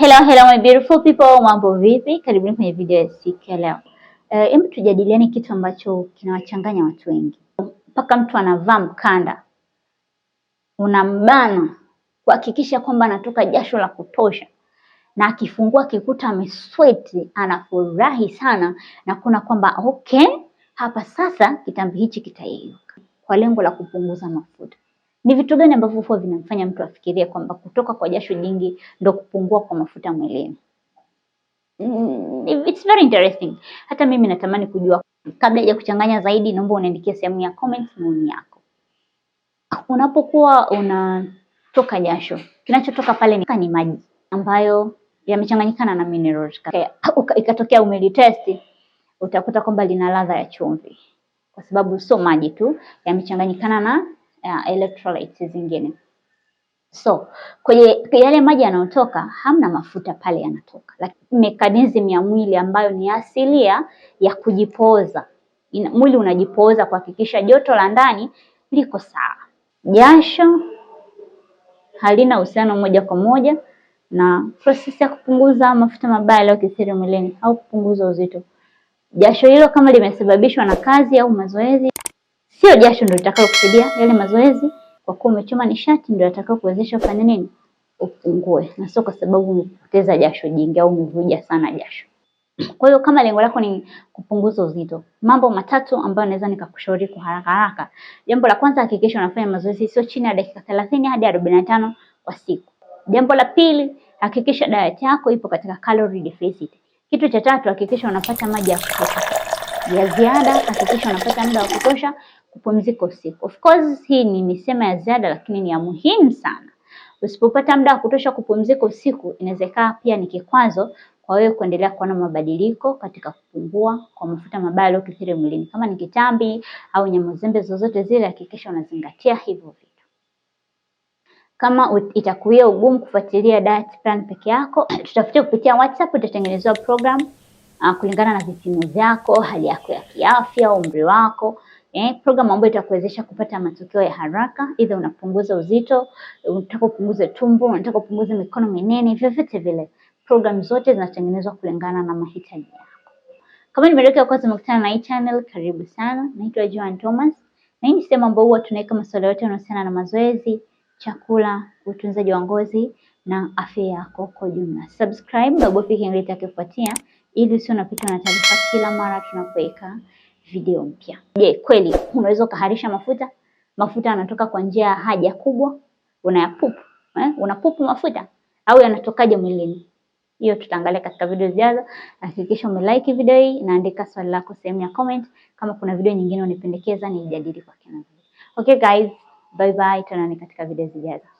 Hello, hello my beautiful people, mambo vipi? Karibuni kwenye video ya siku ya leo. Eh, hebu uh, tujadiliane kitu ambacho kinawachanganya watu wengi. Mpaka mtu anavaa mkanda unambana kuhakikisha kwamba anatoka jasho la kutosha, na akifungua akikuta amesweti anafurahi sana na kuna kwamba okay, hapa sasa kitambi hichi kitayeyuka, kwa lengo la kupunguza mafuta. Ni vitu gani ambavyo huwa vinamfanya mtu afikirie kwamba kutoka kwa jasho jingi ndo kupungua kwa mafuta mwilini? Mm, it's very interesting. Hata mimi natamani kujua. Kabla ya kuchanganya zaidi, naomba uniandikie sehemu ya comments maoni yako. Unapokuwa unatoka jasho, kinachotoka pale ni maji ambayo yamechanganyikana na minerals. Ikatokea umelitest, utakuta kwamba lina ladha ya chumvi, kwa sababu sio maji tu, yamechanganyikana na uh, electrolytes zingine. So kwenye yale maji yanayotoka hamna mafuta pale yanatoka, lakini mekanizm ya mwili ambayo ni asilia ya kujipoza ina, mwili unajipooza kuhakikisha joto la ndani liko sawa. Jasho halina uhusiano moja kwa moja na prosesi ya kupunguza mafuta mabaya yaliyokithiri mwilini au kupunguza uzito. Jasho hilo kama limesababishwa na kazi au mazoezi sio jasho ndio litakalo kusaidia yale mazoezi, kwa kuwa umechoma nishati ndio atakao kuwezesha kufanya nini, upungue, na sio kwa sababu umepoteza jasho jingi au umevuja sana jasho. Kwa hiyo kama lengo lako ni kupunguza uzito, mambo matatu ambayo naweza nikakushauri kwa haraka haraka. Jambo la kwanza, hakikisha unafanya mazoezi sio chini ya dakika 30 hadi 45 kwa siku. Jambo la pili, hakikisha diet yako ipo katika calorie deficit. Kitu cha tatu, hakikisha unapata maji ya kutosha ya ziada, hakikisha unapata muda wa kutosha Kupumzika usiku. Of course hii ni misema ya ziada, lakini ni ya muhimu sana. Usipopata muda wa kutosha kupumzika usiku, inawezekana pia ni kikwazo kwa wewe kuendelea kuona mabadiliko katika kupungua kwa mafuta mabaya yaliyokithiri mwilini. Kama ni kitambi au nyama zembe zozote zile, hakikisha unazingatia hivyo vitu. Kama itakuwa ugumu kufuatilia diet plan peke yako, tutafutia kupitia WhatsApp, utatengenezewa program ah, kulingana na vipimo vyako, hali yako ya kiafya, umri wako eh, programu ambayo itakuwezesha kupata matokeo ya haraka, idha unapunguza uzito, unataka upunguze tumbo, unataka upunguze mikono minene, vyovyote vile. Programu zote zinatengenezwa kulingana na mahitaji yako. Kama ni mara yako ya kwanza umekutana na hii channel, karibu sana. Naitwa Joan Thomas na hii ni sehemu ambayo huwa tunaweka masuala yote yanayohusiana na mazoezi, chakula, utunzaji wa ngozi na afya yako kwa jumla. Subscribe na bofya kengele itakayofuatia ili usio unapitwa na taarifa kila mara tunapoweka video mpya. Je, kweli unaweza ukaharisha mafuta? Mafuta yanatoka kwa njia ya haja kubwa, unayapupu eh? Unapupu mafuta au yanatokaje mwilini? Hiyo tutaangalia katika video zijazo. Hakikisha umelike video hii, naandika swali lako sehemu ya comment. Kama kuna video nyingine unipendekeza nijadili kwa kina. Okay guys, bye bye, tuonane katika video zijazo.